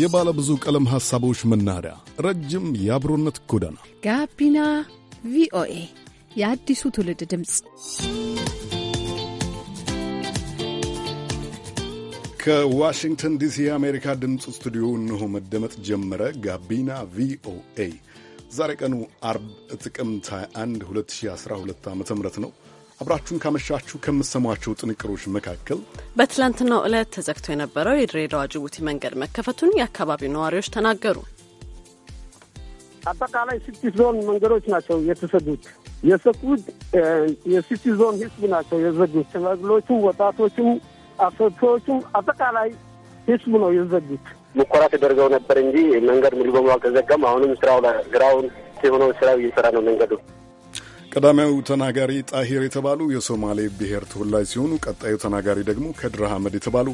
የባለ ብዙ ቀለም ሐሳቦች መናኸሪያ፣ ረጅም የአብሮነት ጎዳና ጋቢና ቪኦኤ የአዲሱ ትውልድ ድምፅ ከዋሽንግተን ዲሲ የአሜሪካ ድምፅ ስቱዲዮ እንሆ መደመጥ ጀመረ። ጋቢና ቪኦኤ ዛሬ ቀኑ አርብ ጥቅምት 21 2012 ዓ ም ነው። አብራችሁን ካመሻችሁ ከምትሰሟቸው ጥንቅሮች መካከል በትላንትናው ዕለት ተዘግቶ የነበረው የድሬዳዋ ጅቡቲ መንገድ መከፈቱን የአካባቢው ነዋሪዎች ተናገሩ። አጠቃላይ ሲቲ ዞን መንገዶች ናቸው የተሰዱት የዘጉት የሲቲ ዞን ህዝብ ናቸው የዘጉት። ሽማግሌዎቹም፣ ወጣቶቹም፣ አሰዎቹም አጠቃላይ ህዝብ ነው የዘጉት። ሙከራ ተደርገው ነበር እንጂ መንገድ ሙሉ በሙሉ አልተዘጋም። አሁንም ስራው ግራውን የሆነው ስራው እየሰራ ነው መንገዱ ቀዳሚው ተናጋሪ ጣሂር የተባሉ የሶማሌ ብሔር ተወላጅ ሲሆኑ ቀጣዩ ተናጋሪ ደግሞ ከድር አህመድ የተባሉ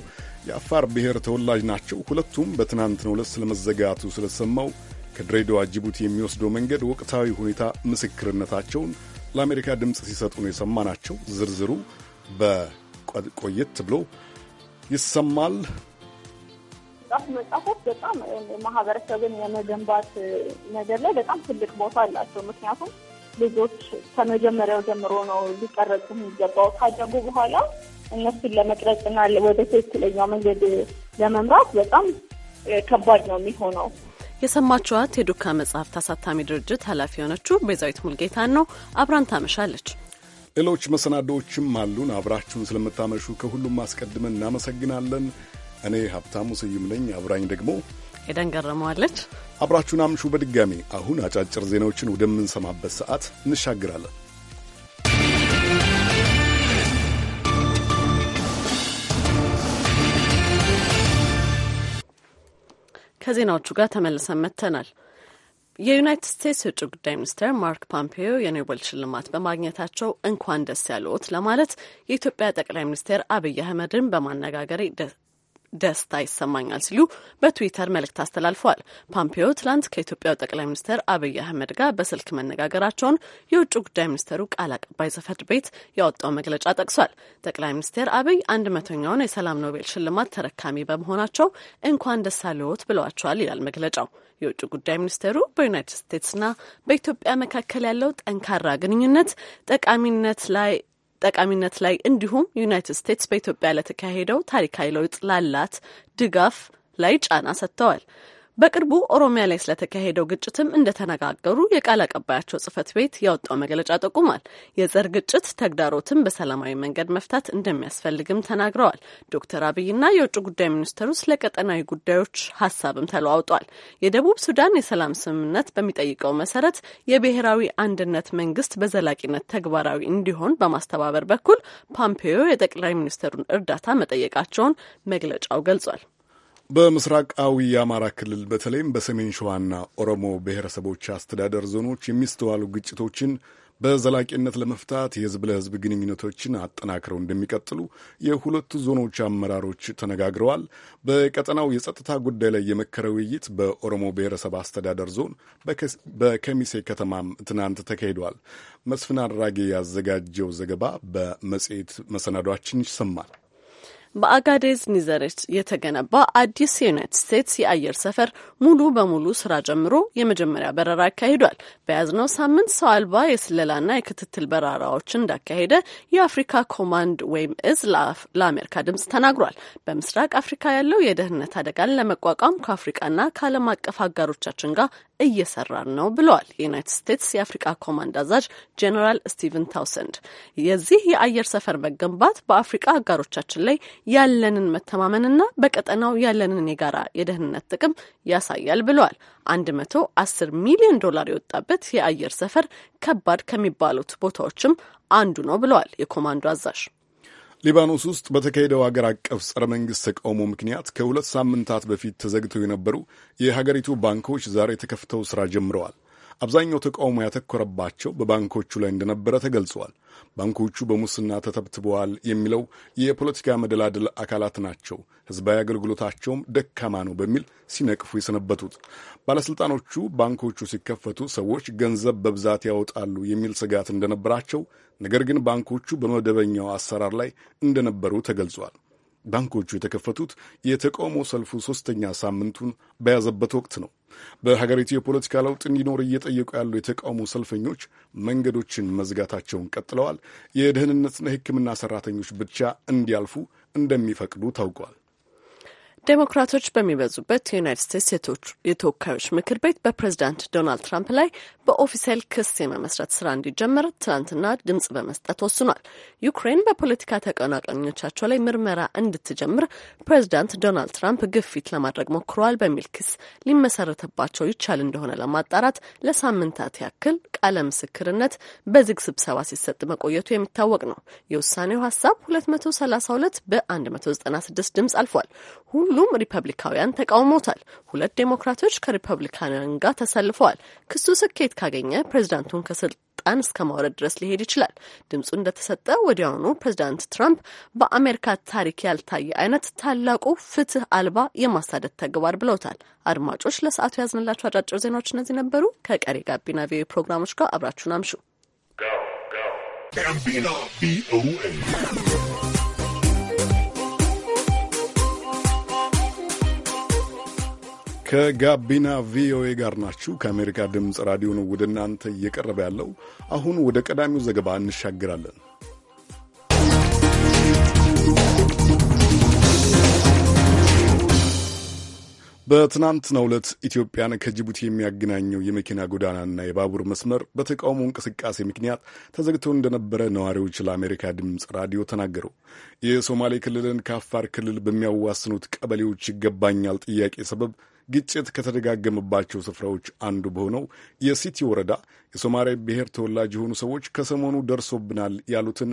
የአፋር ብሔር ተወላጅ ናቸው። ሁለቱም በትናንትናው ዕለት ስለመዘጋቱ ስለሰማው ከድሬዳዋ ጅቡቲ የሚወስደው መንገድ ወቅታዊ ሁኔታ ምስክርነታቸውን ለአሜሪካ ድምፅ ሲሰጡ ነው የሰማናቸው። ዝርዝሩ በቆየት ብሎ ይሰማል። መጽሐፍ መጻፎች በጣም ማህበረሰብን የመገንባት ነገር ላይ በጣም ትልቅ ቦታ አላቸው። ምክንያቱም ልጆች ከመጀመሪያው ጀምሮ ነው ሊቀረጹ የሚገባው። ካደጉ በኋላ እነሱን ለመቅረጽና ወደ ትክክለኛው መንገድ ለመምራት በጣም ከባድ ነው የሚሆነው። የሰማችኋት የዱካ መጽሐፍት አሳታሚ ድርጅት ኃላፊ የሆነችው ቤዛዊት ሙልጌታን ነው። አብራን ታመሻለች። ሌሎች መሰናዶዎችም አሉን። አብራችሁን ስለምታመሹ ከሁሉም አስቀድመን እናመሰግናለን። እኔ ሀብታሙ ስዩም ነኝ። አብራኝ ደግሞ ኤደን ገረመዋለች። አብራችሁን አምሹ። በድጋሚ አሁን አጫጭር ዜናዎችን ወደምንሰማበት ሰዓት እንሻግራለን። ከዜናዎቹ ጋር ተመልሰን መጥተናል። የዩናይትድ ስቴትስ የውጭ ጉዳይ ሚኒስትር ማርክ ፖምፔዮ የኖቤል ሽልማት በማግኘታቸው እንኳን ደስ ያለዎት ለማለት የኢትዮጵያ ጠቅላይ ሚኒስትር አብይ አህመድን በማነጋገር ደስታ ይሰማኛል ሲሉ በትዊተር መልእክት አስተላልፈዋል። ፓምፒዮ ትላንት ከኢትዮጵያው ጠቅላይ ሚኒስትር አብይ አህመድ ጋር በስልክ መነጋገራቸውን የውጭ ጉዳይ ሚኒስትሩ ቃል አቀባይ ጽሕፈት ቤት ያወጣው መግለጫ ጠቅሷል። ጠቅላይ ሚኒስትር አብይ አንድ መቶኛውን የሰላም ኖቤል ሽልማት ተረካሚ በመሆናቸው እንኳን ደስ አለዎት ብለዋቸዋል ይላል መግለጫው። የውጭ ጉዳይ ሚኒስቴሩ በዩናይትድ ስቴትስና በኢትዮጵያ መካከል ያለው ጠንካራ ግንኙነት ጠቃሚነት ላይ ጠቃሚነት ላይ እንዲሁም ዩናይትድ ስቴትስ በኢትዮጵያ ለተካሄደው ታሪካዊ ለውጥ ላላት ድጋፍ ላይ ጫና ሰጥተዋል። በቅርቡ ኦሮሚያ ላይ ስለተካሄደው ግጭትም እንደተነጋገሩ የቃል አቀባያቸው ጽህፈት ቤት ያወጣው መግለጫ ጠቁሟል። የዘር ግጭት ተግዳሮትን በሰላማዊ መንገድ መፍታት እንደሚያስፈልግም ተናግረዋል። ዶክተር አብይና የውጭ ጉዳይ ሚኒስትሩ ስለ ቀጠናዊ ጉዳዮች ሀሳብም ተለዋውጧል። የደቡብ ሱዳን የሰላም ስምምነት በሚጠይቀው መሰረት የብሔራዊ አንድነት መንግስት በዘላቂነት ተግባራዊ እንዲሆን በማስተባበር በኩል ፓምፔዮ የጠቅላይ ሚኒስትሩን እርዳታ መጠየቃቸውን መግለጫው ገልጿል። በምስራቃዊ የአማራ ክልል በተለይም በሰሜን ሸዋና ኦሮሞ ብሔረሰቦች አስተዳደር ዞኖች የሚስተዋሉ ግጭቶችን በዘላቂነት ለመፍታት የህዝብ ለህዝብ ግንኙነቶችን አጠናክረው እንደሚቀጥሉ የሁለቱ ዞኖች አመራሮች ተነጋግረዋል። በቀጠናው የጸጥታ ጉዳይ ላይ የመከረ ውይይት በኦሮሞ ብሔረሰብ አስተዳደር ዞን በከሚሴ ከተማም ትናንት ተካሂዷል። መስፍን አድራጌ ያዘጋጀው ዘገባ በመጽሔት መሰናዷችን ይሰማል። በአጋዴዝ ኒዘሬት የተገነባ አዲስ የዩናይትድ ስቴትስ የአየር ሰፈር ሙሉ በሙሉ ስራ ጀምሮ የመጀመሪያ በረራ አካሂዷል። በያዝነው ሳምንት ሰው አልባ የስለላና የክትትል በረራዎች እንዳካሄደ የአፍሪካ ኮማንድ ወይም እዝ ለአሜሪካ ድምጽ ተናግሯል። በምስራቅ አፍሪካ ያለው የደህንነት አደጋን ለመቋቋም ከአፍሪቃና ከዓለም አቀፍ አጋሮቻችን ጋር እየሰራን ነው ብለዋል የዩናይትድ ስቴትስ የአፍሪካ ኮማንድ አዛዥ ጄኔራል ስቲቨን ታውሰንድ። የዚህ የአየር ሰፈር መገንባት በአፍሪቃ አጋሮቻችን ላይ ያለንን መተማመንና በቀጠናው ያለንን የጋራ የደህንነት ጥቅም ያሳያል ብለዋል። አንድ መቶ አስር ሚሊዮን ዶላር የወጣበት የአየር ሰፈር ከባድ ከሚባሉት ቦታዎችም አንዱ ነው ብለዋል የኮማንዶ አዛዥ። ሊባኖስ ውስጥ በተካሄደው አገር አቀፍ ጸረ መንግሥት ተቃውሞ ምክንያት ከሁለት ሳምንታት በፊት ተዘግተው የነበሩ የሀገሪቱ ባንኮች ዛሬ ተከፍተው ሥራ ጀምረዋል። አብዛኛው ተቃውሞ ያተኮረባቸው በባንኮቹ ላይ እንደነበረ ተገልጿል። ባንኮቹ በሙስና ተተብትበዋል የሚለው የፖለቲካ መደላደል አካላት ናቸው፣ ህዝባዊ አገልግሎታቸውም ደካማ ነው በሚል ሲነቅፉ የሰነበቱት ባለሥልጣኖቹ ባንኮቹ ሲከፈቱ ሰዎች ገንዘብ በብዛት ያወጣሉ የሚል ስጋት እንደነበራቸው፣ ነገር ግን ባንኮቹ በመደበኛው አሰራር ላይ እንደነበሩ ተገልጿል። ባንኮቹ የተከፈቱት የተቃውሞ ሰልፉ ሶስተኛ ሳምንቱን በያዘበት ወቅት ነው። በሀገሪቱ የፖለቲካ ለውጥ እንዲኖር እየጠየቁ ያሉ የተቃውሞ ሰልፈኞች መንገዶችን መዝጋታቸውን ቀጥለዋል። የደህንነትና የሕክምና ሰራተኞች ብቻ እንዲያልፉ እንደሚፈቅዱ ታውቋል። ዴሞክራቶች በሚበዙበት የዩናይት ስቴትስ የተወካዮች ምክር ቤት በፕሬዝዳንት ዶናልድ ትራምፕ ላይ በኦፊሴል ክስ የመመስረት ስራ እንዲጀመር ትናንትና ድምጽ በመስጠት ወስኗል። ዩክሬን በፖለቲካ ተቀናቃኞቻቸው ላይ ምርመራ እንድትጀምር ፕሬዝዳንት ዶናልድ ትራምፕ ግፊት ለማድረግ ሞክረዋል በሚል ክስ ሊመሰረትባቸው ይቻል እንደሆነ ለማጣራት ለሳምንታት ያክል ቃለ ምስክርነት በዝግ ስብሰባ ሲሰጥ መቆየቱ የሚታወቅ ነው። የውሳኔው ሀሳብ 232 በ196 ድምጽ አልፏል። ሁሉም ሪፐብሊካውያን ተቃውሞታል። ሁለት ዴሞክራቶች ከሪፐብሊካውያን ጋር ተሰልፈዋል። ክሱ ስኬት ካገኘ ፕሬዚዳንቱን ከስልጣን እስከ ማውረድ ድረስ ሊሄድ ይችላል። ድምፁ እንደተሰጠ ወዲያውኑ ፕሬዚዳንት ትራምፕ በአሜሪካ ታሪክ ያልታየ አይነት ታላቁ ፍትህ አልባ የማሳደድ ተግባር ብለውታል። አድማጮች፣ ለሰዓቱ ያዝንላቸው አጫጭር ዜናዎች እነዚህ ነበሩ። ከቀሪ ጋቢና ቪኦኤ ፕሮግራሞች ጋር አብራችሁን አምሹ። ከጋቢና ቪኦኤ ጋር ናችሁ። ከአሜሪካ ድምፅ ራዲዮ ነው ወደ እናንተ እየቀረበ ያለው። አሁን ወደ ቀዳሚው ዘገባ እንሻግራለን። በትናንትናው ዕለት ኢትዮጵያን ከጅቡቲ የሚያገናኘው የመኪና ጎዳናና የባቡር መስመር በተቃውሞ እንቅስቃሴ ምክንያት ተዘግቶ እንደነበረ ነዋሪዎች ለአሜሪካ ድምፅ ራዲዮ ተናገሩ። የሶማሌ ክልልን ከአፋር ክልል በሚያዋስኑት ቀበሌዎች ይገባኛል ጥያቄ ሰበብ ግጭት ከተደጋገመባቸው ስፍራዎች አንዱ በሆነው የሲቲ ወረዳ የሶማሌ ብሔር ተወላጅ የሆኑ ሰዎች ከሰሞኑ ደርሶብናል ያሉትን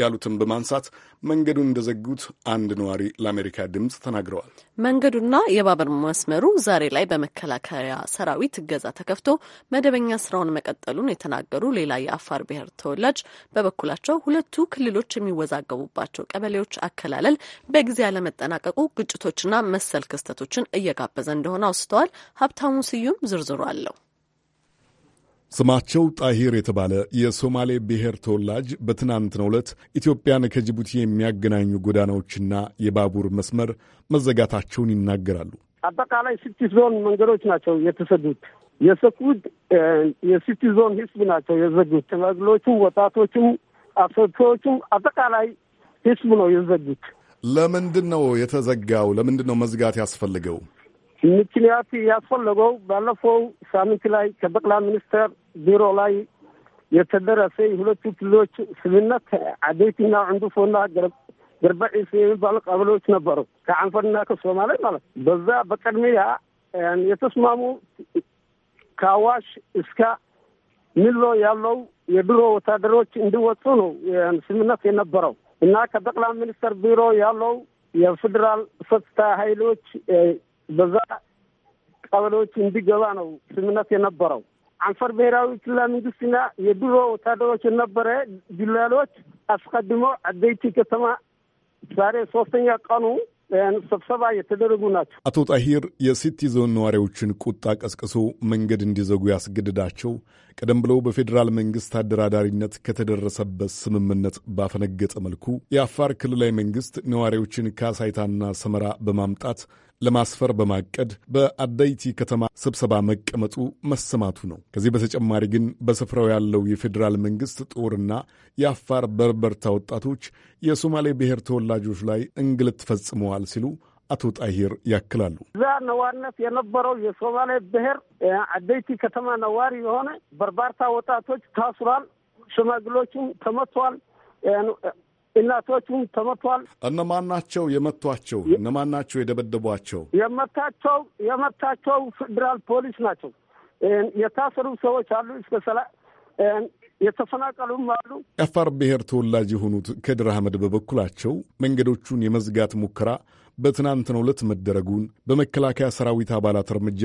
ያሉትን በማንሳት መንገዱን እንደዘጉት አንድ ነዋሪ ለአሜሪካ ድምፅ ተናግረዋል። መንገዱና የባቡር መስመሩ ዛሬ ላይ በመከላከያ ሰራዊት እገዛ ተከፍቶ መደበኛ ስራውን መቀጠሉን የተናገሩ ሌላ የአፋር ብሔር ተወላጅ በበኩላቸው ሁለቱ ክልሎች የሚወዛገቡባቸው ቀበሌዎች አከላለል በጊዜ አለመጠናቀቁ ግጭቶችና መሰል ክስተቶችን እየጋበዘ እንደሆነ አውስተዋል። ሀብታሙ ስዩም ዝርዝሩ አለው። ስማቸው ጣሂር የተባለ የሶማሌ ብሔር ተወላጅ በትናንትናው ዕለት ኢትዮጵያን ከጅቡቲ የሚያገናኙ ጎዳናዎችና የባቡር መስመር መዘጋታቸውን ይናገራሉ። አጠቃላይ ሲቲ ዞን መንገዶች ናቸው የተሰዱት። የሰኩድ የሲቲ ዞን ህዝብ ናቸው የዘጉት። ሽማግሎቹም፣ ወጣቶቹም፣ አሶቶዎቹም አጠቃላይ ህዝብ ነው የዘጉት። ለምንድን ነው የተዘጋው? ለምንድን ነው መዝጋት ያስፈልገው? ምክንያት ያስፈለገው ባለፈው ሳምንት ላይ ከጠቅላይ ሚኒስትር ቢሮ ላይ የተደረሰ የሁለቱ ክልሎች ስምምነት ዓደይትና ዕንዱፎና ገርባዒስ የሚባሉ ቀበሌዎች ነበሩ፣ ከአንፈርና ከሶማሌ ማለት በዛ በቅድሚያ የተስማሙ ከአዋሽ እስከ ሚሎ ያለው የድሮ ወታደሮች እንዲወጡ ነው ስምነት የነበረው እና ከጠቅላይ ሚኒስትር ቢሮ ያለው የፌዴራል ጸጥታ ኃይሎች በዛ ቀበሌዎች እንዲገባ ነው ስምነት የነበረው። አንፈር ብሔራዊ ክልላዊ መንግስትና የድሮ ወታደሮች የነበረ ጅላሎች አስቀድሞ አደይቲ ከተማ ዛሬ ሶስተኛ ቀኑ ስብሰባ የተደረጉ ናቸው። አቶ ጣሂር የሲቲ ዞን ነዋሪዎችን ቁጣ ቀስቅሶ መንገድ እንዲዘጉ ያስገድዳቸው ቀደም ብለው በፌዴራል መንግስት አደራዳሪነት ከተደረሰበት ስምምነት ባፈነገጠ መልኩ የአፋር ክልላዊ መንግስት ነዋሪዎችን ካሳይታና ሰመራ በማምጣት ለማስፈር በማቀድ በአዳይቲ ከተማ ስብሰባ መቀመጡ መሰማቱ ነው። ከዚህ በተጨማሪ ግን በስፍራው ያለው የፌዴራል መንግስት ጦርና የአፋር በርበርታ ወጣቶች የሶማሌ ብሔር ተወላጆች ላይ እንግልት ፈጽመዋል ሲሉ አቶ ጣሂር ያክላሉ። እዛ ነዋሪነት የነበረው የሶማሌ ብሔር አደይቲ ከተማ ነዋሪ የሆነ በርባርታ ወጣቶች ታስሯል። ሽማግሎችም ተመቷል። እናቶቹ ተመቷል። እነማን ናቸው የመቷቸው? እነማን ናቸው የደበደቧቸው? የመታቸው የመታቸው ፌዴራል ፖሊስ ናቸው። የታሰሩ ሰዎች አሉ እስከ ሰላ የተፈናቀሉም አሉ። የአፋር ብሔር ተወላጅ የሆኑት ከድር አህመድ በበኩላቸው መንገዶቹን የመዝጋት ሙከራ በትናንትናው ዕለት መደረጉን በመከላከያ ሰራዊት አባላት እርምጃ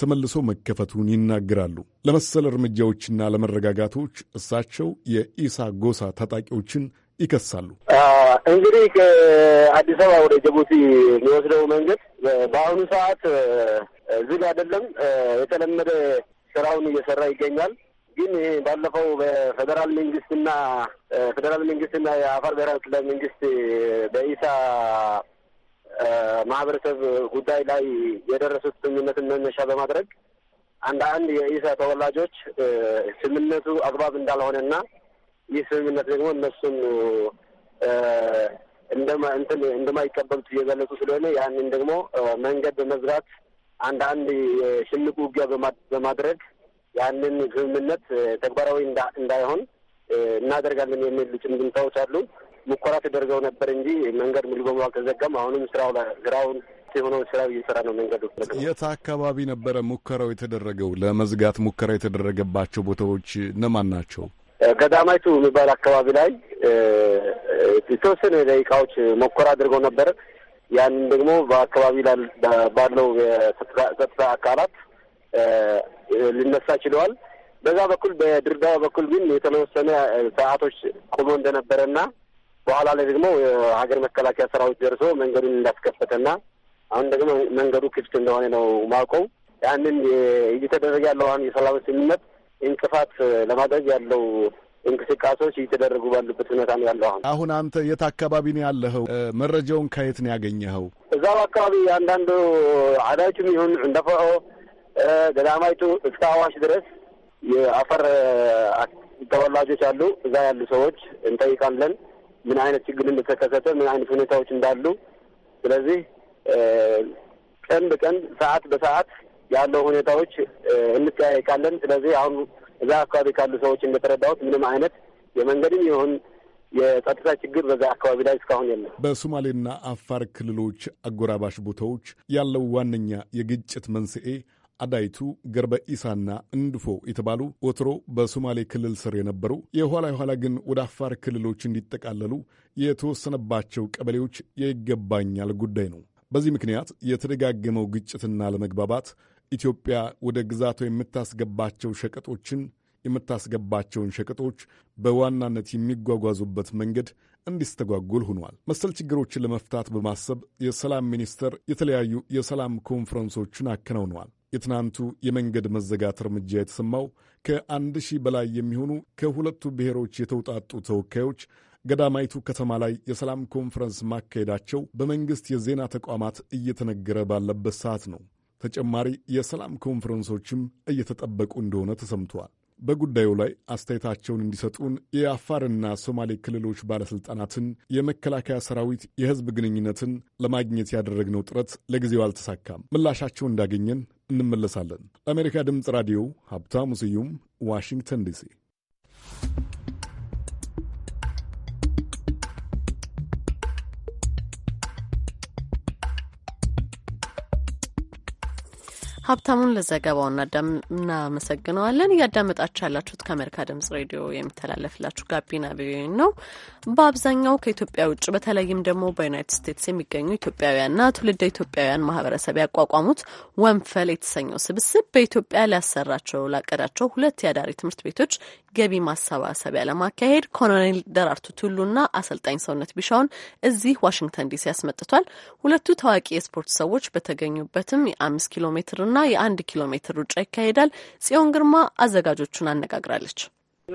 ተመልሶ መከፈቱን ይናገራሉ። ለመሰል እርምጃዎችና ለመረጋጋቶች እሳቸው የኢሳ ጎሳ ታጣቂዎችን ይከሳሉ። እንግዲህ ከአዲስ አበባ ወደ ጅቡቲ የሚወስደው መንገድ በአሁኑ ሰዓት ዝግ አይደለም፣ የተለመደ ስራውን እየሰራ ይገኛል። ግን ባለፈው በፌዴራል መንግስትና ፌዴራል መንግስትና የአፋር ብሔራዊ ክልላዊ መንግስት በኢሳ ማህበረሰብ ጉዳይ ላይ የደረሱት ስምምነትን መነሻ በማድረግ አንድ አንድ የኢሳ ተወላጆች ስምምነቱ አግባብ እንዳልሆነና ይህ ስምምነት ደግሞ እነሱን እንደማይቀበሉት እየገለጹ ስለሆነ ያንን ደግሞ መንገድ በመዝራት አንዳንድ የሽምቅ ውጊያ በማድረግ ያንን ስምምነት ተግባራዊ እንዳይሆን እናደርጋለን የሚል ጭምጭምታዎች አሉ። ሙከራ ተደርገው ነበር እንጂ መንገድ ሙሉ በሙሉ አልተዘጋም። አሁንም ስራው ስራውን የሆነው ስራ እየሰራ ነው። መንገዱ የት አካባቢ ነበረ ሙከራው የተደረገው? ለመዝጋት ሙከራ የተደረገባቸው ቦታዎች እነማን ናቸው? ገዳማይቱ የሚባል አካባቢ ላይ የተወሰነ ደቂቃዎች ሞከራ አድርገው ነበር ያንን ደግሞ በአካባቢ ባለው የጸጥታ አካላት ሊነሳ ችለዋል። በዛ በኩል በድርዳዋ በኩል ግን የተወሰነ ሰዓቶች ቆሞ እንደነበረና በኋላ ላይ ደግሞ የሀገር መከላከያ ሰራዊት ደርሶ መንገዱን እንዳስከፈተና አሁን ደግሞ መንገዱ ክፍት እንደሆነ ነው ማውቀው። ያንን እየተደረገ ያለው አሁን የሰላም ስምምነት እንቅፋት ለማድረግ ያለው እንቅስቃሴዎች እየተደረጉ ባሉበት ሁኔታ ነው ያለው። አሁን አሁን አንተ የት አካባቢ ነው ያለኸው? መረጃውን ከየት ነው ያገኘኸው? እዛው አካባቢ አንዳንዱ አዳጅም ይሁን እንደፈኦ ገዳማይቱ እስከ አዋሽ ድረስ የአፈር ተወላጆች አሉ። እዛ ያሉ ሰዎች እንጠይቃለን፣ ምን አይነት ችግር እንደተከሰተ፣ ምን አይነት ሁኔታዎች እንዳሉ። ስለዚህ ቀን በቀን ሰዓት በሰዓት ያለው ሁኔታዎች እንጠያይቃለን ስለዚህ አሁን እዛ አካባቢ ካሉ ሰዎች እንደተረዳሁት ምንም አይነት የመንገድም ይሁን የጸጥታ ችግር በዛ አካባቢ ላይ እስካሁን የለም። በሶማሌና አፋር ክልሎች አጎራባሽ ቦታዎች ያለው ዋነኛ የግጭት መንስኤ አዳይቱ፣ ገርበ ኢሳና እንድፎ የተባሉ ወትሮ በሶማሌ ክልል ስር የነበሩ የኋላ የኋላ ግን ወደ አፋር ክልሎች እንዲጠቃለሉ የተወሰነባቸው ቀበሌዎች የይገባኛል ጉዳይ ነው። በዚህ ምክንያት የተደጋገመው ግጭትና ለመግባባት ኢትዮጵያ ወደ ግዛቷ የምታስገባቸው ሸቀጦችን የምታስገባቸውን ሸቀጦች በዋናነት የሚጓጓዙበት መንገድ እንዲስተጓጎል ሆኗል። መሰል ችግሮችን ለመፍታት በማሰብ የሰላም ሚኒስቴር የተለያዩ የሰላም ኮንፈረንሶችን አከናውነዋል። የትናንቱ የመንገድ መዘጋት እርምጃ የተሰማው ከአንድ ሺህ በላይ የሚሆኑ ከሁለቱ ብሔሮች የተውጣጡ ተወካዮች ገዳማይቱ ከተማ ላይ የሰላም ኮንፈረንስ ማካሄዳቸው በመንግሥት የዜና ተቋማት እየተነገረ ባለበት ሰዓት ነው። ተጨማሪ የሰላም ኮንፈረንሶችም እየተጠበቁ እንደሆነ ተሰምተዋል። በጉዳዩ ላይ አስተያየታቸውን እንዲሰጡን የአፋርና ሶማሌ ክልሎች ባለሥልጣናትን፣ የመከላከያ ሰራዊት የሕዝብ ግንኙነትን ለማግኘት ያደረግነው ጥረት ለጊዜው አልተሳካም። ምላሻቸውን እንዳገኘን እንመለሳለን። ለአሜሪካ ድምፅ ራዲዮ ሀብታሙ ስዩም ዋሽንግተን ዲሲ ሀብታሙን ለዘገባው እናመሰግነዋለን። እያዳመጣችሁ ያላችሁት ከአሜሪካ ድምጽ ሬዲዮ የሚተላለፍላችሁ ጋቢና ቪኦኤ ነው። በአብዛኛው ከኢትዮጵያ ውጭ በተለይም ደግሞ በዩናይትድ ስቴትስ የሚገኙ ኢትዮጵያውያንና ትውልደ ኢትዮጵያውያን ማህበረሰብ ያቋቋሙት ወንፈል የተሰኘው ስብስብ በኢትዮጵያ ሊያሰራቸው ላቀዳቸው ሁለት የአዳሪ ትምህርት ቤቶች ገቢ ማሰባሰቢያ ለማካሄድ ኮሎኔል ደራርቱ ቱሉና አሰልጣኝ ሰውነት ቢሻውን እዚህ ዋሽንግተን ዲሲ ያስመጥቷል። ሁለቱ ታዋቂ የስፖርት ሰዎች በተገኙበትም የአምስት ኪሎ ሜትርና እና የአንድ ኪሎ ሜትር ሩጫ ይካሄዳል። ጽዮን ግርማ አዘጋጆቹን አነጋግራለች።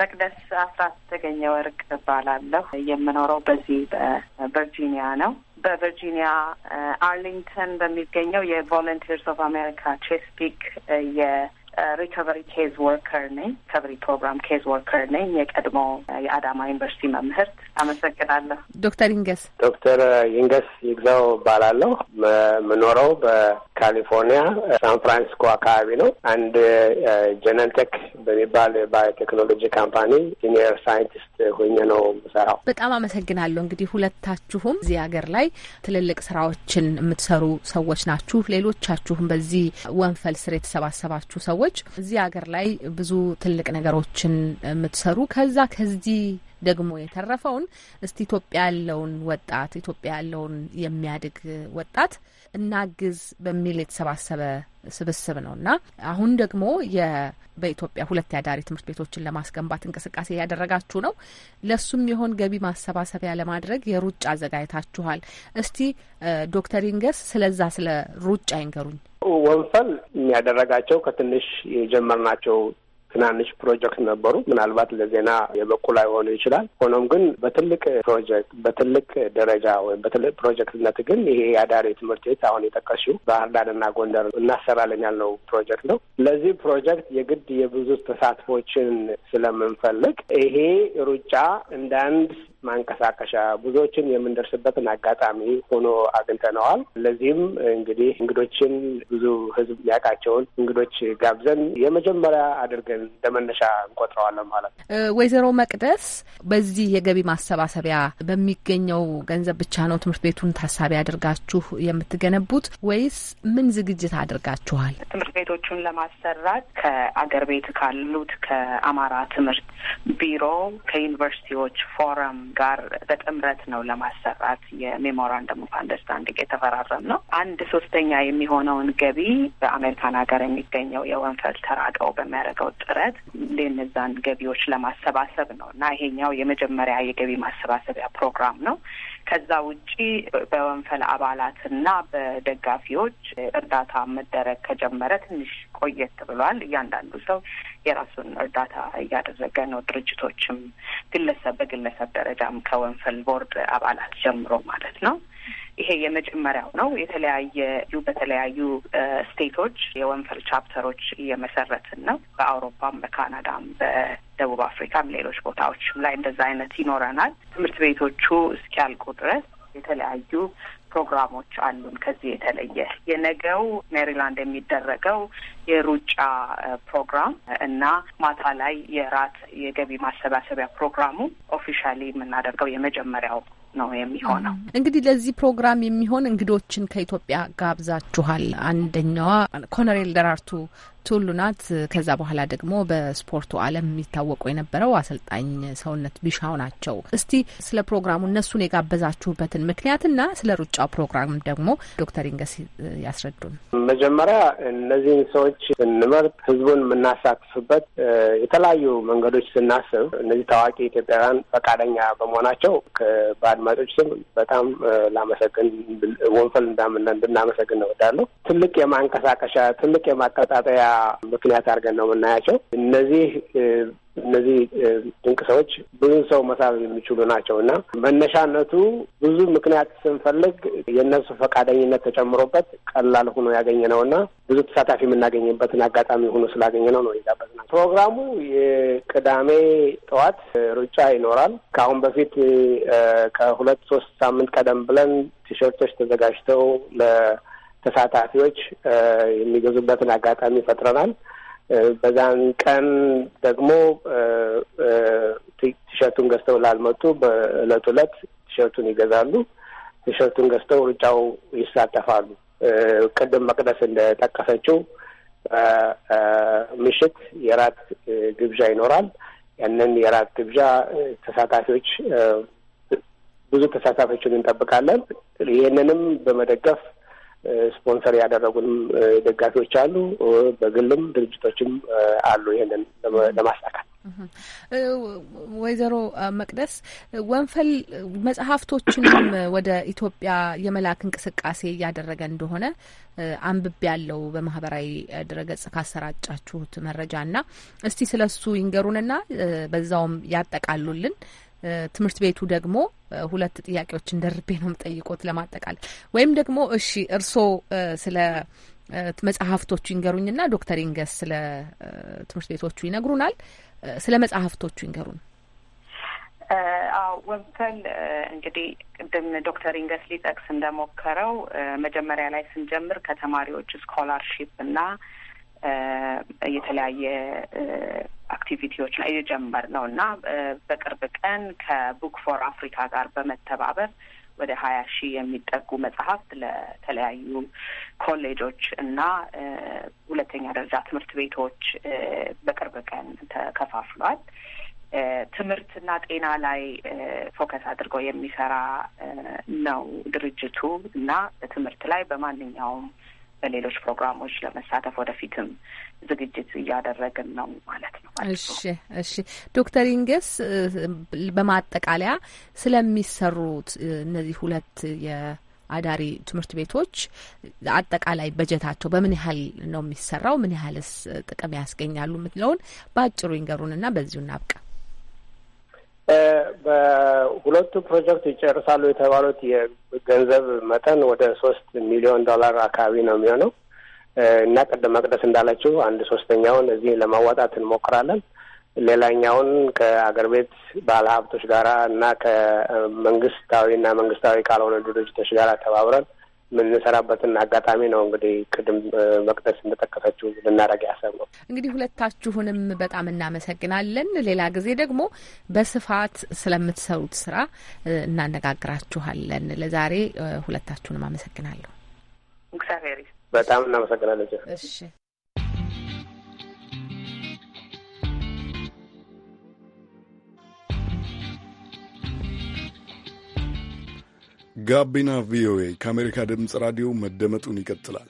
መቅደስ አስራት ተገኘ ወርቅ እባላለሁ። የምኖረው በዚህ በቨርጂኒያ ነው። በቨርጂኒያ አርሊንግተን በሚገኘው የቮለንቲርስ ኦፍ አሜሪካ ቼስፒክ የሪኮቨሪ ኬዝ ወርከር ነኝ። ሪኮቨሪ ፕሮግራም ኬዝ ወርከር ነኝ። የቀድሞ የአዳማ ዩኒቨርሲቲ መምህርት። አመሰግናለሁ። ዶክተር ይንገስ ዶክተር ይንገስ ይግዛው እባላለሁ። የምኖረው ካሊፎርኒያ ሳን ፍራንሲስኮ አካባቢ ነው። አንድ ጀነንቴክ በሚባል ባዮቴክኖሎጂ ካምፓኒ ሲኒየር ሳይንቲስት ሆኘ ነው የምሰራው። በጣም አመሰግናለሁ። እንግዲህ ሁለታችሁም እዚህ ሀገር ላይ ትልልቅ ስራዎችን የምትሰሩ ሰዎች ናችሁ። ሌሎቻችሁም በዚህ ወንፈል ስር የተሰባሰባችሁ ሰዎች እዚህ ሀገር ላይ ብዙ ትልቅ ነገሮችን የምትሰሩ ከዛ ከዚህ ደግሞ የተረፈውን እስቲ ኢትዮጵያ ያለውን ወጣት ኢትዮጵያ ያለውን የሚያድግ ወጣት እናግዝ በሚል የተሰባሰበ ስብስብ ነው እና አሁን ደግሞ በኢትዮጵያ ሁለት የአዳሪ ትምህርት ቤቶችን ለማስገንባት እንቅስቃሴ እያደረጋችሁ ነው። ለሱም የሆን ገቢ ማሰባሰቢያ ለማድረግ የሩጫ አዘጋጅታችኋል። እስቲ ዶክተር ይንገስ ስለዛ ስለ ሩጫ ይንገሩኝ። ወንፈል የሚያደረጋቸው ከትንሽ የጀመርናቸው ትናንሽ ፕሮጀክት ነበሩ። ምናልባት ለዜና የበቁ ላይሆኑ ይችላል። ሆኖም ግን በትልቅ ፕሮጀክት በትልቅ ደረጃ ወይም በትልቅ ፕሮጀክትነት ግን ይሄ የአዳሪ ትምህርት ቤት አሁን የጠቀሽው ባህር ዳርና ጎንደር እናሰራለን ያልነው ፕሮጀክት ነው። ለዚህ ፕሮጀክት የግድ የብዙ ተሳትፎችን ስለምንፈልግ ይሄ ሩጫ እንደ አንድ ማንቀሳቀሻ ብዙዎችን የምንደርስበትን አጋጣሚ ሆኖ አግኝተነዋል። ለዚህም እንግዲህ እንግዶችን ብዙ ህዝብ ያውቃቸውን እንግዶች ጋብዘን የመጀመሪያ አድርገን ለመነሻ እንቆጥረዋለን ማለት ነው። ወይዘሮ መቅደስ በዚህ የገቢ ማሰባሰቢያ በሚገኘው ገንዘብ ብቻ ነው ትምህርት ቤቱን ታሳቢ አድርጋችሁ የምትገነቡት ወይስ ምን ዝግጅት አድርጋችኋል? ትምህርት ቤቶቹን ለማሰራት ከአገር ቤት ካሉት ከአማራ ትምህርት ቢሮ ከዩኒቨርሲቲዎች ፎረም ጋር በጥምረት ነው ለማሰራት የሜሞራንደም ኦፍ አንደርስታንዲንግ የተፈራረም ነው። አንድ ሶስተኛ የሚሆነውን ገቢ በአሜሪካን ሀገር የሚገኘው የወንፈል ተራቀው በሚያደርገው ጥረት እነዛን ገቢዎች ለማሰባሰብ ነው እና ይሄኛው የመጀመሪያ የገቢ ማሰባሰቢያ ፕሮግራም ነው። ከዛ ውጪ በወንፈል አባላት አባላትና በደጋፊዎች እርዳታ መደረግ ከጀመረ ትንሽ ቆየት ብሏል። እያንዳንዱ ሰው የራሱን እርዳታ እያደረገ ነው። ድርጅቶችም ግለሰብ በግለሰብ ደረጃም ከወንፈል ቦርድ አባላት ጀምሮ ማለት ነው። ይሄ የመጀመሪያው ነው። የተለያየ በተለያዩ ስቴቶች የወንፈል ቻፕተሮች እየመሰረትን ነው። በአውሮፓም፣ በካናዳም፣ በደቡብ አፍሪካም ሌሎች ቦታዎችም ላይ እንደዛ አይነት ይኖረናል። ትምህርት ቤቶቹ እስኪያልቁ ድረስ የተለያዩ ፕሮግራሞች አሉን። ከዚህ የተለየ የነገው ሜሪላንድ የሚደረገው የሩጫ ፕሮግራም እና ማታ ላይ የራት የገቢ ማሰባሰቢያ ፕሮግራሙ ኦፊሻሊ የምናደርገው የመጀመሪያው ነው የሚሆነው። እንግዲህ ለዚህ ፕሮግራም የሚሆን እንግዶችን ከኢትዮጵያ ጋብዛችኋል። አንደኛዋ ኮሎኔል ደራርቱ ቱሉ ናት። ከዛ በኋላ ደግሞ በስፖርቱ ዓለም የሚታወቁ የነበረው አሰልጣኝ ሰውነት ቢሻው ናቸው። እስቲ ስለ ፕሮግራሙ እነሱን የጋበዛችሁበትን ምክንያትና ስለ ሩጫው ፕሮግራም ደግሞ ዶክተር ኢንገስ ያስረዱን። መጀመሪያ እነዚህን ሰዎች ስንመርጥ ህዝቡን የምናሳትፍበት የተለያዩ መንገዶች ስናስብ እነዚህ ታዋቂ ኢትዮጵያውያን ፈቃደኛ በመሆናቸው በአድማጮች ስም በጣም ላመሰግን ወንፈል እንዳምና እንድናመሰግን እወዳለሁ። ትልቅ የማንቀሳቀሻ ትልቅ የማቀጣጠያ ምክንያት አድርገን ነው የምናያቸው። እነዚህ እነዚህ ድንቅ ሰዎች ብዙ ሰው መሳብ የሚችሉ ናቸው እና መነሻነቱ ብዙ ምክንያት ስንፈልግ የእነሱ ፈቃደኝነት ተጨምሮበት ቀላል ሆኖ ያገኘ ነው እና ብዙ ተሳታፊ የምናገኝበትን አጋጣሚ ሆኖ ስላገኘ ነው ነው ይዛበት ነው። ፕሮግራሙ የቅዳሜ ጠዋት ሩጫ ይኖራል። ከአሁን በፊት ከሁለት ሶስት ሳምንት ቀደም ብለን ቲሸርቶች ተዘጋጅተው ለ ተሳታፊዎች የሚገዙበትን አጋጣሚ ፈጥረናል። በዛን ቀን ደግሞ ቲሸርቱን ገዝተው ላልመጡ በእለት ዕለት ቲሸርቱን ይገዛሉ። ቲሸርቱን ገዝተው ሩጫው ይሳተፋሉ። ቅድም መቅደስ እንደጠቀሰችው ምሽት የራት ግብዣ ይኖራል። ያንን የራት ግብዣ ተሳታፊዎች ብዙ ተሳታፊዎችን እንጠብቃለን። ይህንንም በመደገፍ ስፖንሰር ያደረጉንም ደጋፊዎች አሉ። በግልም ድርጅቶችም አሉ። ይህንን ለማሳካት ወይዘሮ መቅደስ ወንፈል መጽሐፍቶችንም ወደ ኢትዮጵያ የመላክ እንቅስቃሴ እያደረገ እንደሆነ አንብቤ ያለው በማህበራዊ ድረገጽ ካሰራጫችሁት መረጃ እና እስቲ ስለ እሱ ይንገሩንና በዛውም ያጠቃሉልን። ትምህርት ቤቱ ደግሞ ሁለት ጥያቄዎችን ደርቤ ነው የምጠይቆት ለማጠቃለል ወይም ደግሞ እሺ እርስዎ ስለ መጽሐፍቶቹ ይንገሩኝና ዶክተር ኢንገስ ስለ ትምህርት ቤቶቹ ይነግሩናል። ስለ መጽሐፍቶቹ ይንገሩን። አዎ ወብተል እንግዲህ ቅድም ዶክተር ኢንገስ ሊጠቅስ እንደሞከረው መጀመሪያ ላይ ስንጀምር ከተማሪዎች ስኮላርሺፕ እና የተለያየ አክቲቪቲዎች ላይ ነው እና በቅርብ ቀን ከቡክ ፎር አፍሪካ ጋር በመተባበር ወደ ሀያ ሺህ የሚጠጉ መጽሐፍት ለተለያዩ ኮሌጆች እና ሁለተኛ ደረጃ ትምህርት ቤቶች በቅርብ ቀን ተከፋፍሏል። ትምህርትና ጤና ላይ ፎከስ አድርጎ የሚሰራ ነው ድርጅቱ እና በትምህርት ላይ በማንኛውም በሌሎች ፕሮግራሞች ለመሳተፍ ወደፊትም ዝግጅት እያደረግን ነው ማለት ነው። እሺ፣ እሺ ዶክተር ኢንገስ በማጠቃለያ ስለሚሰሩት እነዚህ ሁለት አዳሪ ትምህርት ቤቶች አጠቃላይ በጀታቸው በምን ያህል ነው የሚሰራው? ምን ያህልስ ጥቅም ያስገኛሉ? የምትለውን በአጭሩ ይንገሩንና በዚሁ እናብቃ። በሁለቱ ፕሮጀክት ይጨርሳሉ የተባሉት የገንዘብ መጠን ወደ ሶስት ሚሊዮን ዶላር አካባቢ ነው የሚሆነው እና ቅድም መቅደስ እንዳለችው አንድ ሶስተኛውን እዚህ ለማዋጣት እንሞክራለን። ሌላኛውን ከአገር ቤት ባለሀብቶች ጋራ እና ከመንግስታዊ እና መንግስታዊ ካልሆነ ድርጅቶች ጋራ ተባብረን የምንሰራበትን አጋጣሚ ነው እንግዲህ ቅድም መቅደስ እንደጠቀሰችው ልናደርግ ያሰብነው። እንግዲህ ሁለታችሁንም በጣም እናመሰግናለን። ሌላ ጊዜ ደግሞ በስፋት ስለምትሰሩት ስራ እናነጋግራችኋለን። ለዛሬ ሁለታችሁንም አመሰግናለሁ። እግዚአብሔር በጣም እናመሰግናለን። እሺ ጋቢና ቪኦኤ ከአሜሪካ ድምፅ ራዲዮ መደመጡን ይቀጥላል።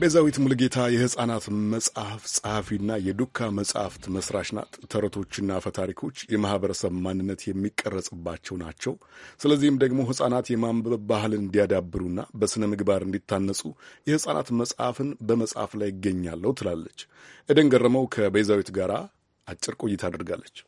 ቤዛዊት ሙልጌታ የሕፃናት መጽሐፍ ጸሐፊና የዱካ መጽሐፍት መስራች ናት። ተረቶችና ፈታሪኮች የማኅበረሰብ ማንነት የሚቀረጽባቸው ናቸው። ስለዚህም ደግሞ ሕፃናት የማንበብ ባህል እንዲያዳብሩና በሥነ ምግባር እንዲታነጹ የሕፃናት መጽሐፍን በመጽሐፍ ላይ ይገኛለሁ ትላለች። ኤደን ገረመው ከቤዛዊት ጋር አጭር ቆይታ አድርጋለች።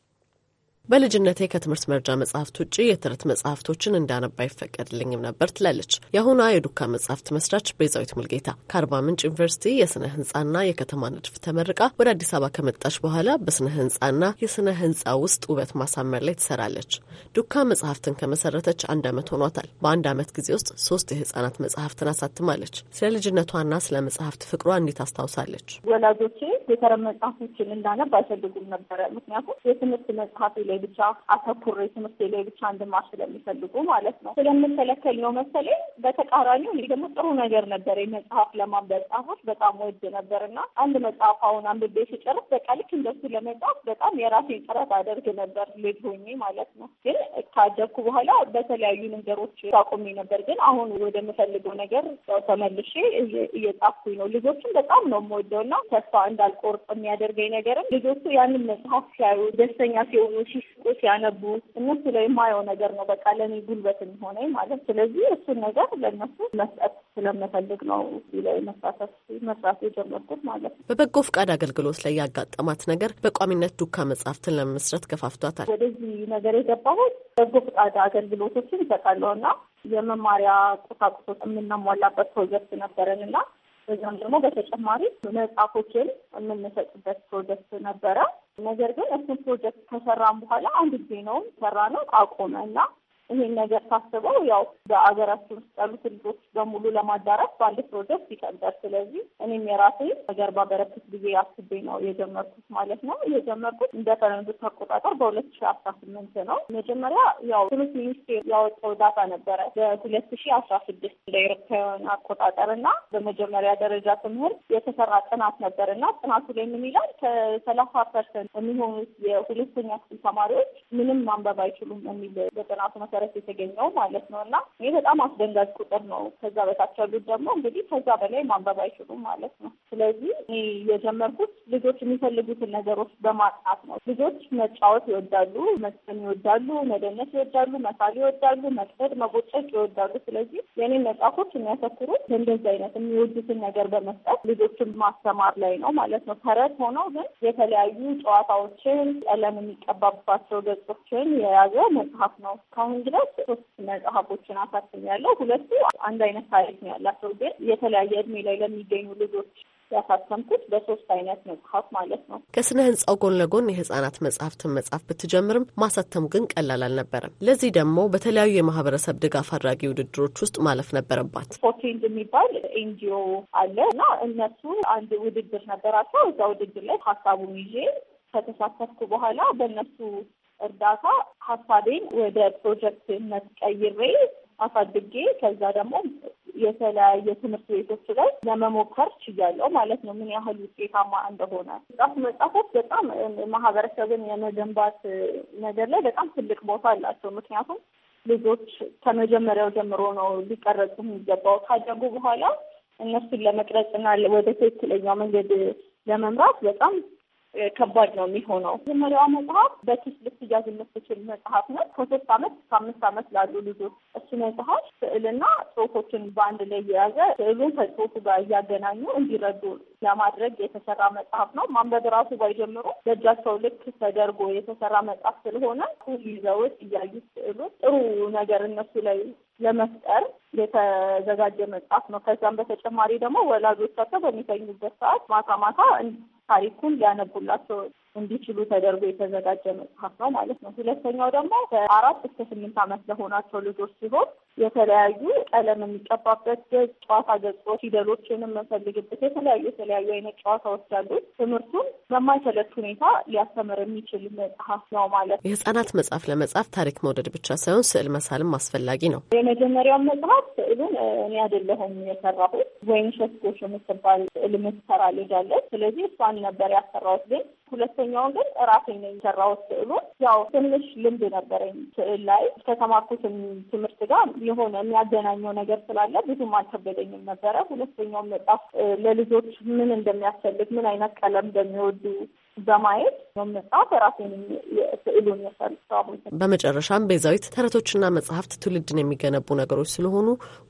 በልጅነቴ ከትምህርት መርጃ መጽሐፍት ውጭ የተረት መጽሐፍቶችን እንዳነባ አይፈቀድልኝም ነበር ትላለች የአሁኗ የዱካ መጽሐፍት መስራች ቤዛዊት ሙልጌታ። ከአርባ ምንጭ ዩኒቨርሲቲ የስነ ህንጻና የከተማ ንድፍ ተመርቃ ወደ አዲስ አበባ ከመጣች በኋላ በስነ ህንጻና የስነ ህንጻ ውስጥ ውበት ማሳመር ላይ ትሰራለች። ዱካ መጽሐፍትን ከመሰረተች አንድ አመት ሆኗታል። በአንድ አመት ጊዜ ውስጥ ሶስት የህጻናት መጽሐፍትን አሳትማለች። ስለ ልጅነቷና ስለ መጽሐፍት ፍቅሯ እንዴት አስታውሳለች? ወላጆቼ የተረት መጽሐፎችን እንዳነብ አይፈልጉም ነበረ። ምክንያቱም የትምህርት መጽሐፍ ላይ ብቻ አተኩሬ ትምህርቴ ላይ ብቻ እንድማር ስለሚፈልጉ ማለት ነው ስለምከለከል ነው መሰለኝ። በተቃራኒ እንግዲህ ደግሞ ጥሩ ነገር ነበር መጽሐፍ ለማንበብ ጻፎች በጣም ወድ ነበር እና አንድ መጽሐፍ አሁን አንብቤ ስጨርስ በቃ ልክ እንደሱ ለመጽሐፍ በጣም የራሴን ጥረት አደርግ ነበር ልጅ ሆኜ ማለት ነው። ግን ካደግኩ በኋላ በተለያዩ ነገሮች ታቆሜ ነበር። ግን አሁን ወደምፈልገው ነገር ተመልሼ እየጻፍኩኝ ነው። ልጆችን በጣም ነው የምወደው እና ተስፋ እንዳልቆርጥ የሚያደርገኝ ነገርም ልጆቹ ያንን መጽሐፍ ሲያዩ ደስተኛ ሲሆኑ የሚጽፉት ያነቡት እነሱ ላይ የማየው ነገር ነው። በቃ ለእኔ ጉልበት የሚሆነኝ ማለት ስለዚህ እሱን ነገር ለእነሱ መስጠት ስለምፈልግ ነው ላይ መሳተፍ መስራት የጀመርኩት ማለት ነው። በበጎ ፍቃድ አገልግሎት ላይ ያጋጠማት ነገር በቋሚነት ዱካ መጽሐፍትን ለመመስረት ገፋፍቷታል። ወደዚህ ነገር የገባሁት በጎ ፍቃድ አገልግሎቶችን ይሰጣለሁ እና የመማሪያ ቁሳቁሶች የምናሟላበት ፕሮጀክት ነበረን እና በዚም ደግሞ በተጨማሪ መጽሐፎችን የምንሰጥበት ፕሮጀክት ነበረ። ነገር ግን እሱን ፕሮጀክት ከሰራን በኋላ አንድ ጊዜ ነው ሰራ ነው አቆመ እና ይሄን ነገር ታስበው ያው በአገራችን ውስጥ ያሉት ልጆች በሙሉ ለማዳረስ በአንድ ፕሮጀክት ይከብዳል። ስለዚህ እኔም የራሴ ነገር ባበረክት ጊዜ አስቤ ነው የጀመርኩት ማለት ነው። የጀመርኩት እንደ ፈረንጆች አቆጣጠር በሁለት ሺ አስራ ስምንት ነው። መጀመሪያ ያው ትምህርት ሚኒስቴር ያወጣው ዳታ ነበረ በሁለት ሺ አስራ ስድስት እንደ ኤሮፓውያን አቆጣጠር እና በመጀመሪያ ደረጃ ትምህርት የተሰራ ጥናት ነበር እና ጥናቱ ላይ ምን ይላል? ከሰላሳ ፐርሰንት የሚሆኑት የሁለተኛ ክፍል ተማሪዎች ምንም ማንበብ አይችሉም የሚል በጥናቱ መ መሰረት የተገኘው ማለት ነው እና ይህ በጣም አስደንጋጭ ቁጥር ነው። ከዛ በታች ያሉት ደግሞ እንግዲህ ከዛ በላይ ማንበብ አይችሉም ማለት ነው። ስለዚህ የጀመርኩት ልጆች የሚፈልጉትን ነገሮች በማጥናት ነው። ልጆች መጫወት ይወዳሉ፣ መስን ይወዳሉ፣ መደነስ ይወዳሉ፣ መሳል ይወዳሉ፣ መቅደድ፣ መቦጨቅ ይወዳሉ። ስለዚህ የኔ መጽሐፎች የሚያተኩሩት እንደዚህ አይነት የሚወዱትን ነገር በመስጠት ልጆችን ማስተማር ላይ ነው ማለት ነው። ተረት ሆነው ግን የተለያዩ ጨዋታዎችን፣ ቀለም የሚቀባባቸው ገጾችን የያዘ መጽሐፍ ነው። ከአሁን ድረስ ሶስት መጽሐፎችን አሳትም ያለው ሁለቱ አንድ አይነት ታሪክ ነው ያላቸው፣ ግን የተለያየ እድሜ ላይ ለሚገኙ ልጆች ያሳተምኩት በሶስት አይነት መጽሐፍ ማለት ነው። ከስነ ህንጻው ጎን ለጎን የህጻናት መጽሐፍትን መጽሐፍ ብትጀምርም ማሳተሙ ግን ቀላል አልነበረም። ለዚህ ደግሞ በተለያዩ የማህበረሰብ ድጋፍ አድራጊ ውድድሮች ውስጥ ማለፍ ነበረባት። ፎርቼንጅ የሚባል ኤንጂኦ አለ እና እነሱ አንድ ውድድር ነበራቸው። እዛ ውድድር ላይ ሀሳቡን ይዤ ከተሳተፍኩ በኋላ በእነሱ እርዳታ ሀሳቤን ወደ ፕሮጀክትነት ቀይሬ አሳድጌ ከዛ ደግሞ የተለያየ ትምህርት ቤቶች ላይ ለመሞከር ችያለው ማለት ነው። ምን ያህል ውጤታማ እንደሆነ መጽሐፍ መጻፎች በጣም ማህበረሰብን የመገንባት ነገር ላይ በጣም ትልቅ ቦታ አላቸው። ምክንያቱም ልጆች ከመጀመሪያው ጀምሮ ነው ሊቀረጹ የሚገባው። ካደጉ በኋላ እነሱን ለመቅረጽና ወደ ትክክለኛው መንገድ ለመምራት በጣም ከባድ ነው የሚሆነው። መጀመሪያዋ መጽሐፍ በኪስ ልትያዝ የምትችል መጽሐፍ ነው። ከሶስት አመት እስከ አምስት አመት ላሉ ልጆች እሱ መጽሐፍ ስዕልና ጽሁፎችን በአንድ ላይ የያዘ ስዕሉን ከጽሁፉ ጋር እያገናኙ እንዲረዱ ለማድረግ የተሰራ መጽሐፍ ነው። ማንበብ ራሱ ባይጀምሩ በእጃቸው ልክ ተደርጎ የተሰራ መጽሐፍ ስለሆነ ይዘውት እያዩ ስዕሉ ጥሩ ነገር እነሱ ላይ ለመፍጠር የተዘጋጀ መጽሐፍ ነው። ከዛም በተጨማሪ ደግሞ ወላጆቻቸው በሚተኙበት ሰዓት ማታ ማታ ታሪኩን ሊያነቡላቸው እንዲችሉ ተደርጎ የተዘጋጀ መጽሐፍ ነው ማለት ነው። ሁለተኛው ደግሞ ከአራት እስከ ስምንት ዓመት ለሆናቸው ልጆች ሲሆን የተለያዩ ቀለም የሚቀባበት ገጽ፣ ጨዋታ ገጾች፣ ፊደሎችን የምንፈልግበት የተለያዩ የተለያዩ አይነት ጨዋታዎች ያሉት ትምህርቱን በማይሰለች ሁኔታ ሊያስተምር የሚችል መጽሐፍ ነው ማለት ነው። የህጻናት መጽሐፍ ለመጻፍ ታሪክ መውደድ ብቻ ሳይሆን ስዕል መሳልም አስፈላጊ ነው። የመጀመሪያውን መጽሐፍ ስዕሉን እኔ አይደለሁም የሰራሁት ወይም ሸስጎሽ የምትባል ስዕል የምትሰራ ልጅ አለች። ስለዚህ እሷን ነበር ያሰራሁት። ግን ሁለተኛውን ግን ራሴ ነው የሰራሁት። ስዕሉን ያው ትንሽ ልምድ ነበረኝ ስዕል ላይ ከተማርኩትም ትምህርት ጋር የሆነ የሚያገናኘው ነገር ስላለ ብዙም አልከበደኝም ነበረ። ሁለተኛውም መጽሐፍ ለልጆች ምን እንደሚያስፈልግ ምን አይነት ቀለም እንደሚወዱ በማየት መጽሐፍ ራሴን በመጨረሻም ቤዛዊት ተረቶችና መጽሐፍት ትውልድን የሚገነቡ ነገሮች ስለሆኑ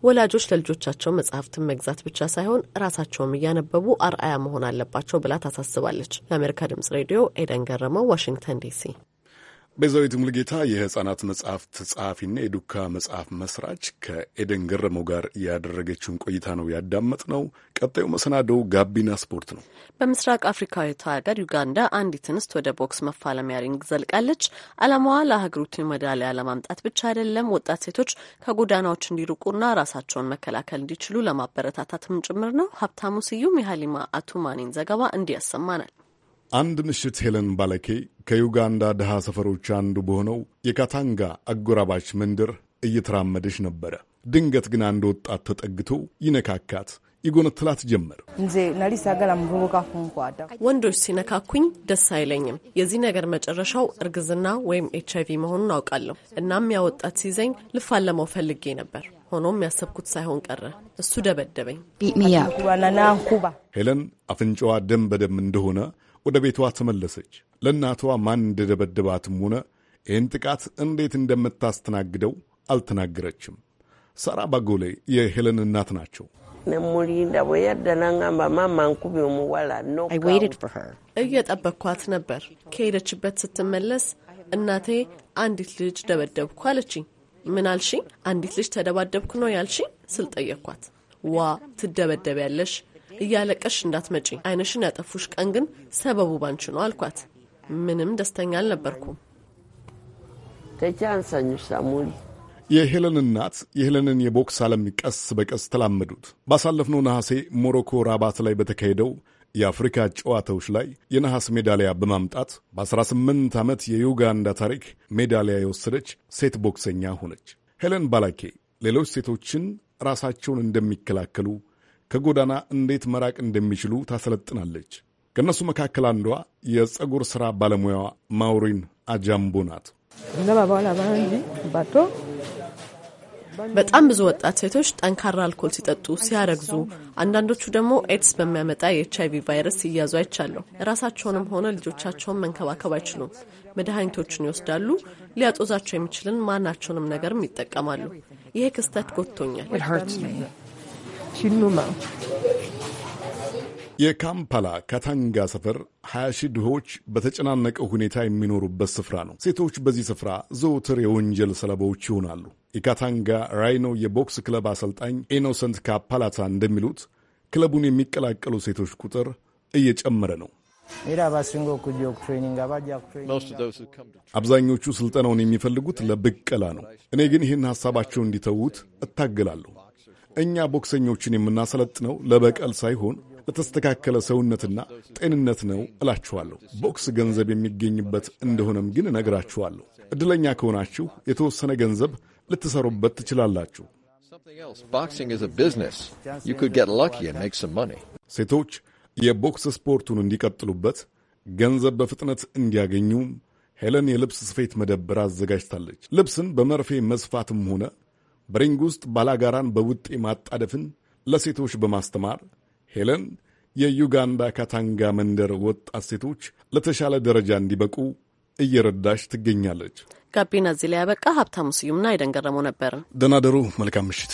ወላጆች ለልጆቻቸው መጽሐፍትን መግዛት ብቻ ሳይሆን ራሳቸውም እያነበቡ አርአያ መሆን አለባቸው ብላ ታሳስባለች። ለአሜሪካ ድምጽ ሬዲዮ ኤደን ገረመው፣ ዋሽንግተን ዲሲ ቤዛዊት ሙልጌታ የህጻናት መጽሐፍት ጸሐፊና የዱካ መጽሐፍ መስራች ከኤደን ገረመው ጋር ያደረገችውን ቆይታ ነው ያዳመጥ ነው። ቀጣዩ መሰናዶው ጋቢና ስፖርት ነው። በምስራቅ አፍሪካዊት ሀገር ዩጋንዳ አንዲት እንስት ወደ ቦክስ መፋለሚያ ሪንግ ዘልቃለች። አላማዋ ለሀገሪቱ ሜዳሊያ ለማምጣት ብቻ አይደለም፣ ወጣት ሴቶች ከጎዳናዎች እንዲርቁና ራሳቸውን መከላከል እንዲችሉ ለማበረታታትም ጭምር ነው። ሀብታሙ ስዩም የሀሊማ አቱማኒን ዘገባ እንዲያሰማናል። አንድ ምሽት ሄለን ባለኬ ከዩጋንዳ ድሃ ሰፈሮች አንዱ በሆነው የካታንጋ አጎራባች መንደር እየተራመደች ነበረ። ድንገት ግን አንድ ወጣት ተጠግቶ ይነካካት ይጎነትላት ጀመር። ወንዶች ሲነካኩኝ ደስ አይለኝም። የዚህ ነገር መጨረሻው እርግዝና ወይም ኤች አይቪ መሆኑን አውቃለሁ። እናም ያ ወጣት ሲይዘኝ ልፋለመው ፈልጌ ነበር። ሆኖም ያሰብኩት ሳይሆን ቀረ። እሱ ደበደበኝ። ሄለን አፍንጫዋ ደም በደም እንደሆነ ወደ ቤቷ ተመለሰች። ለእናቷ ማን እንደደበደባትም ሆነ ይህን ጥቃት እንዴት እንደምታስተናግደው አልተናገረችም። ሳራ ባጎሌ የሄለን እናት ናቸው። እየጠበቅኳት ነበር። ከሄደችበት ስትመለስ እናቴ አንዲት ልጅ ደበደብኩ አለችኝ። ምን አልሽኝ? አንዲት ልጅ ተደባደብኩ ነው ያልሽኝ ስል ጠየቅኳት። ዋ ያለሽ እያለቀሽ እንዳትመጪ አይነሽን ያጠፉሽ ቀን ግን ሰበቡ ባንች ነው አልኳት። ምንም ደስተኛ አልነበርኩም። የሄለን እናት የሄለንን የቦክስ ዓለም ቀስ በቀስ ተላመዱት። ባሳለፍነው ነሐሴ ሞሮኮ ራባት ላይ በተካሄደው የአፍሪካ ጨዋታዎች ላይ የነሐስ ሜዳሊያ በማምጣት በ18 ዓመት የዩጋንዳ ታሪክ ሜዳሊያ የወሰደች ሴት ቦክሰኛ ሆነች። ሄለን ባላኬ ሌሎች ሴቶችን ራሳቸውን እንደሚከላከሉ ከጎዳና እንዴት መራቅ እንደሚችሉ ታሰለጥናለች። ከእነሱ መካከል አንዷ የጸጉር ሥራ ባለሙያዋ ማውሪን አጃምቦ ናት። በጣም ብዙ ወጣት ሴቶች ጠንካራ አልኮል ሲጠጡ፣ ሲያረግዙ፣ አንዳንዶቹ ደግሞ ኤድስ በሚያመጣ የኤች አይቪ ቫይረስ ሲያዙ አይቻለሁ። ራሳቸውንም ሆነ ልጆቻቸውን መንከባከብ አይችሉም። መድኃኒቶችን ይወስዳሉ። ሊያጦዛቸው የሚችልን ማናቸውንም ነገርም ይጠቀማሉ። ይሄ ክስተት ጎቶኛል። ሺኑማ የካምፓላ ካታንጋ ሰፈር 20 ሺህ ድሆች በተጨናነቀ ሁኔታ የሚኖሩበት ስፍራ ነው። ሴቶች በዚህ ስፍራ ዘውትር የወንጀል ሰለባዎች ይሆናሉ። የካታንጋ ራይኖ የቦክስ ክለብ አሰልጣኝ ኢኖሰንት ካፓላታ እንደሚሉት ክለቡን የሚቀላቀሉ ሴቶች ቁጥር እየጨመረ ነው። አብዛኞቹ ስልጠናውን የሚፈልጉት ለብቀላ ነው። እኔ ግን ይህን ሐሳባቸው እንዲተዉት እታገላለሁ። እኛ ቦክሰኞችን የምናሰለጥነው ለበቀል ሳይሆን ለተስተካከለ ሰውነትና ጤንነት ነው እላችኋለሁ። ቦክስ ገንዘብ የሚገኝበት እንደሆነም ግን እነግራችኋለሁ። እድለኛ ከሆናችሁ የተወሰነ ገንዘብ ልትሰሩበት ትችላላችሁ። ሴቶች የቦክስ ስፖርቱን እንዲቀጥሉበት ገንዘብ በፍጥነት እንዲያገኙም ሄለን የልብስ ስፌት መደብር አዘጋጅታለች። ልብስን በመርፌ መስፋትም ሆነ በሪንግ ውስጥ ባላጋራን በውጤ ማጣደፍን ለሴቶች በማስተማር ሄለን የዩጋንዳ ካታንጋ መንደር ወጣት ሴቶች ለተሻለ ደረጃ እንዲበቁ እየረዳሽ ትገኛለች። ጋቢና እዚህ ላይ ያበቃ። ሀብታሙ ስዩምና አይደን ገረመው ነበር። ደናደሩ መልካም ምሽት።